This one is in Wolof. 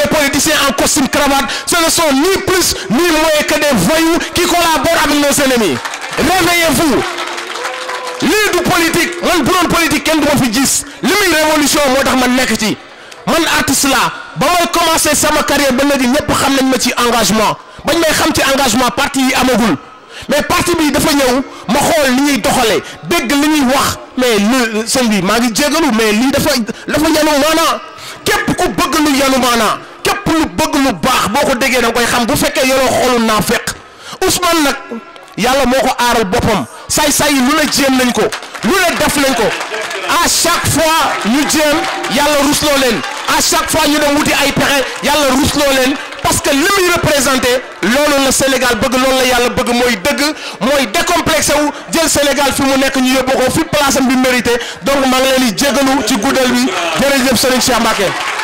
les politiciens en costume cravate, ce ne sont ni plus ni moins que des voyous qui collaborent avec nos ennemis. Réveillez-vous. lii du politique man bu doon politique kenn du ma fi gis li muy révolution moo tax man nekk ci man artiste laa ba may commencé sama carrière ba léegi ñëpp xam nañ ma ci engagement bañ may xam ci engagement parti yi amagul mais parti bi dafa ñëw ma xool li ñuy doxalee dégg li ñuy wax mais lu sëñ bi maa ngi jégalu mais lii dafa dafa yanu maanaa képp ku bëgg lu yanu maanaa képp lu bëgg lu baax boo ko déggee da nga koy xam bu fekkee yoroo xolu naa fekk Ousmane nag yàlla moo ko aaral boppam saay-saay yi lu ne jéem nañ ko lu ne def nañ ko a chaque fois ñu jéem yàlla rusloo leen a chaque fois ñu dem wuti ay pexe yàlla rusloo leen parce que li muy représenté loolu la Sénégal bëgg loolu la yàlla bëgg mooy dëgg mooy décomplexé wu jël Sénégal fi mu nekk ñu yóbbu ko fi place am bi mérité donc maa ngi ci guddal Serigne Cheikh Mbacké